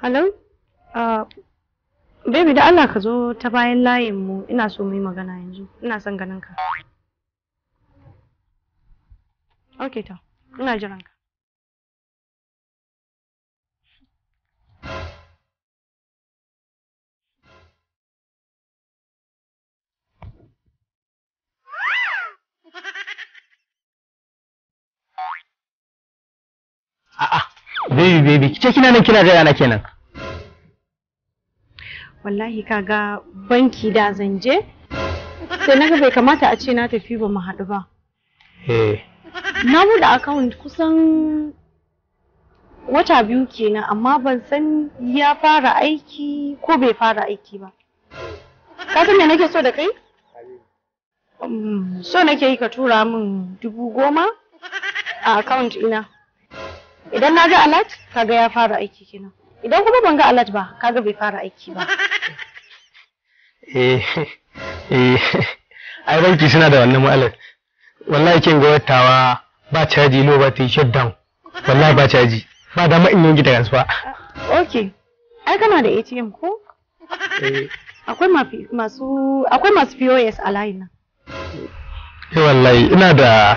Hello? Uh, Baby da Allah ka zo ta bayan layin mu ina so mu yi magana yanzu ina son ganin ka. Okay ta, ina jiran ka. A'a, baby baby, kice kina nan kina jira na kenan. wallahi kaga banki da zan je sai naga bai kamata a ce na tafi ba mu haɗu ba eh. na buɗe account kusan wata biyu kenan amma ban san ya fara aiki ko bai fara aiki ba ka san me nake so da kai um, so nake yi ka tura min dubu goma a account ina idan na ga alert kaga ya fara aiki kenan idan kuma ban ga alert ba kaga bai fara aiki ba eh, eh ai banki suna da wannan ma'alar wallahi kin ga wattawa ba caji no ba ta down wallahi ba caji ba da ma in yi okay ai kana da ATM ko eh. akwai masu akwai POS a layin nan eh wallahi ina da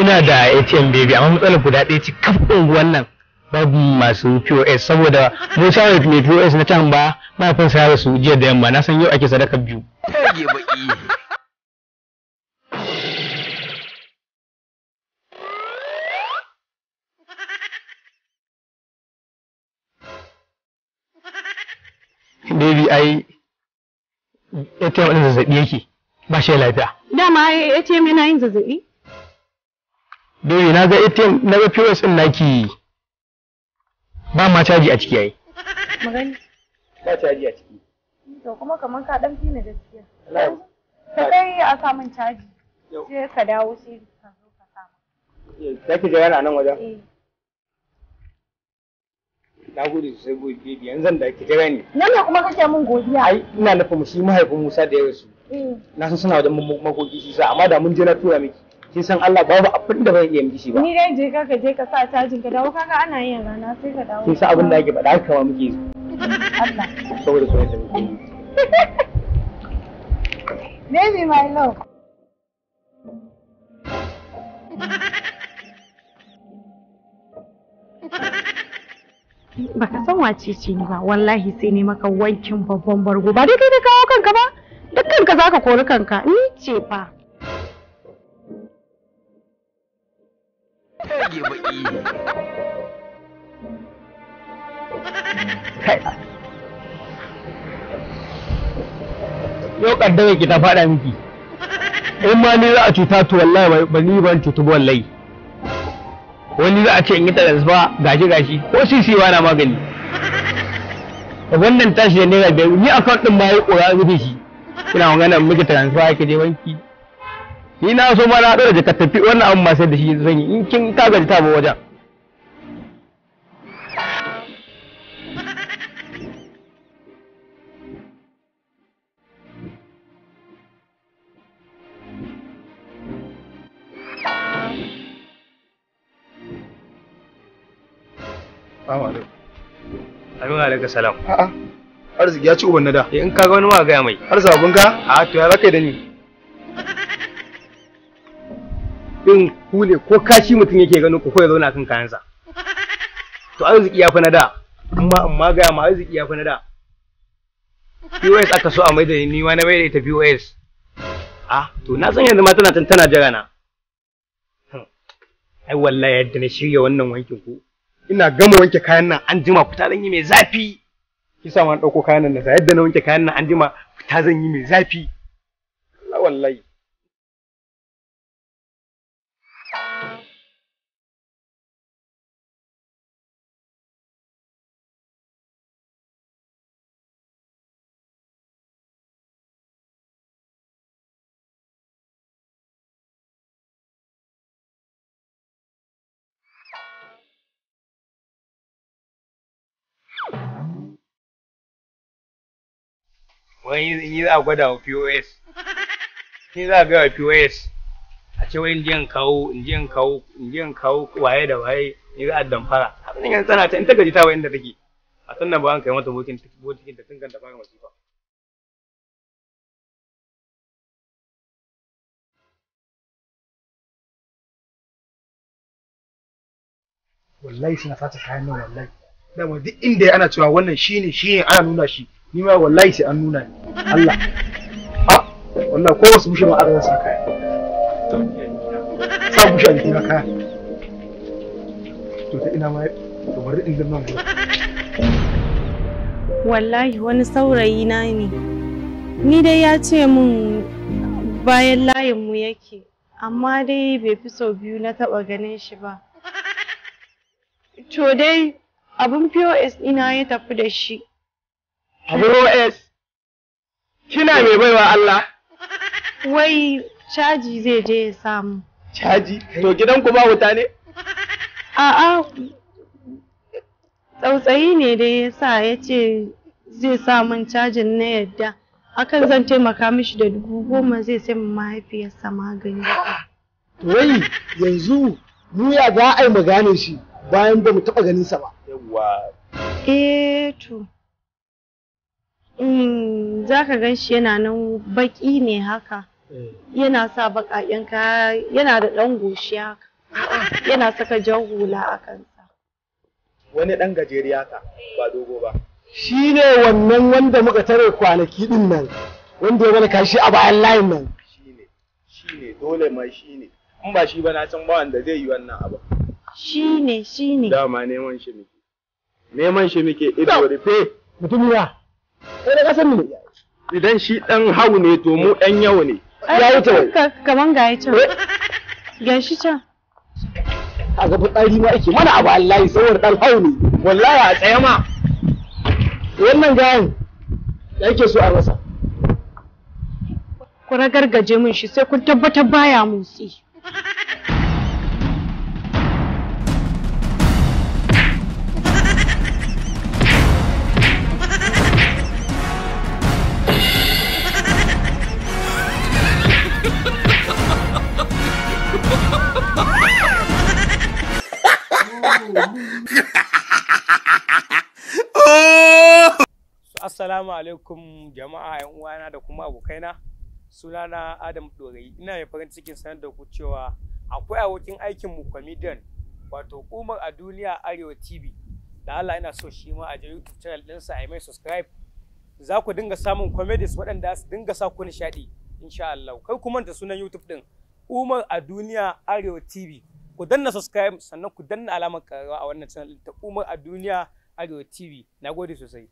ina da ATM baby amma matsalar guda ɗaya ce kafin wannan babu masu POS saboda mu shawar mai POS na can ba mahaifin ya su jiya da yamma na san yau ake sadaka biyu. Baby ai ita, yawan zazzaɓi yake ba shi lafiya. Dama ai ita yana yin zazzaɓi? Baby na ga yawan, na ga POS ɗin naki ba ma caji a ciki yayi magani ba caji a ciki to kuma kamar ka dan fina gaskiya ka kai a sa min caji sai ka dawo sai ka zo ka sa min sai eh, ki jira nan wajen eh. na gode sosai bi yanzu da ki jira ni nan ne kuma kake min godiya ai ina nufin shi mahaifin Musa da ya rasu eh. na san suna wajen magogi shi sa amma da mun je na tura miki kin san Allah babu abin da bai iya shi ba ni dai je ka ka je ka sa cajin ka dawo kaga ana yin rana sai ka dawo kin san abin da yake faɗa haka ma muke Allah saboda soyayya da muke Baby my love ka san wace ce ni ba wallahi sai ne maka wankin babban bargo ba dai kai da kawo kanka ba duk kanka zaka kori kanka ni ce fa shege baki yau kadda ki ta faɗa miki in ma ni za a cuta to wallahi ba ni ban cutu ba wallahi wani za a ce in yi talasba gashi gashi ko sisi ba na magani wannan tashi da naira biyar ni akwai ɗin ma ya ƙura rufe shi ina magana miki transfer ki je banki ni na so ma na ɗora jaka tafi wannan abin masu sai da shi zan yi in kin ka gaji ta ba wajen Salamu alaikum. salam. A'a. Arziki ya ci uban na da. Eh, in kaga wani ma ga mai. Har sabon ka? A to ya zaka yi da ni? din kule ko kashi mutum yake ganin ku ko ya zauna kan kayansa to arziki ya fi na da amma amma ga ma arziki ya fi na da POS aka so a maida ni ma na da ita POS ah to na san yanzu ma tana tana jira na ai wallahi yadda na shirya wannan wankin ku ina gama wanke kayan nan an jima fita zan yi mai zafi kisa ma ɗauko kayan nan na yadda na wanke kayan nan an jima fita zan yi mai zafi wallahi wani ni za a gwada wa POS ni za a gaya wa POS a ce wai injiyan kawo injiyan kawo injiyan kawo waye da waye ni za a damfara abin yan tsana ta in ta gaji ta wayan da take a sannan ba an kai mata bokin bokin da tunkan da fara masifa wallahi suna fata kayan nan wallahi dama duk inda ana cewa wannan shine shine ana nuna shi ni ma wallahi sai an nuna ni Allah a wallahi ko wasu bushe ma aka rasa kaya sa bushe a jikina kaya to ta ina ma to bari in zama gudu wallahi wani saurayi na ne ni dai ya ce min bayan layinmu yake amma dai bai fi sau biyu na taɓa ganin shi ba to dai abun pos ina ya tafi da shi POS, kina mai baiwa Allah? Wai caji zai je ya samu. Caji? To gidanku ba wuta ne? A'a, tsautsayi ne da ya sa ya ce zai samun cajin na yadda. Akan zan taimaka mishi da dubu goma zai sai mahaifiyarsa magani. Wai yanzu mu ya za a yi mu gane shi bayan ba mu taɓa ganinsa ba. Yawwa. Eh to. Mm, za ka gan shi yana nan baki ne haka eh. yana sa baƙaƙen kaya yana da ɗan goshi haka yana saka jan hula a kansa wani ɗan gajeri haka ba dogo ba shi ne wannan wanda muka tare kwanaki ɗin nan wanda ya wani kashi a bayan layin nan shi ne shi ne dole ma shi ne in ba shi ba na san ba wanda zai yi wannan abu shi ne shi ne dama neman shi muke neman shi muke ido rufe mutum ya sai da mu idan shi dan hau ne to mu dan yawo ne ya wuce kaman ga can eh? ga shi can a ga fitsari ma ake mana abu wallahi sawar dan hau ne wallahi a tsaya ma wannan gayan yake so a rasa. ku ragargaje min shi sai kun tabbatar baya motsi Assalamu alaikum jama'a yan uwana da kuma abokaina. Sunana Adam Dorayi. Ina mai farin cikin sanar da ku cewa akwai abokin aikin mu comedian wato Umar a duniya Arewa TV. Da Allah ina so shi ma a je YouTube channel ɗinsa a yi mai subscribe. Za ku dinga samun comedies waɗanda su dinga sa ku nishaɗi insha Allah. Kai kuma da sunan YouTube ɗin Umar a duniya Arewa TV. ku danna subscribe sannan ku danna alamar karewa a wannan channel ta Umar a duniya Arewa TV. Nagode sosai.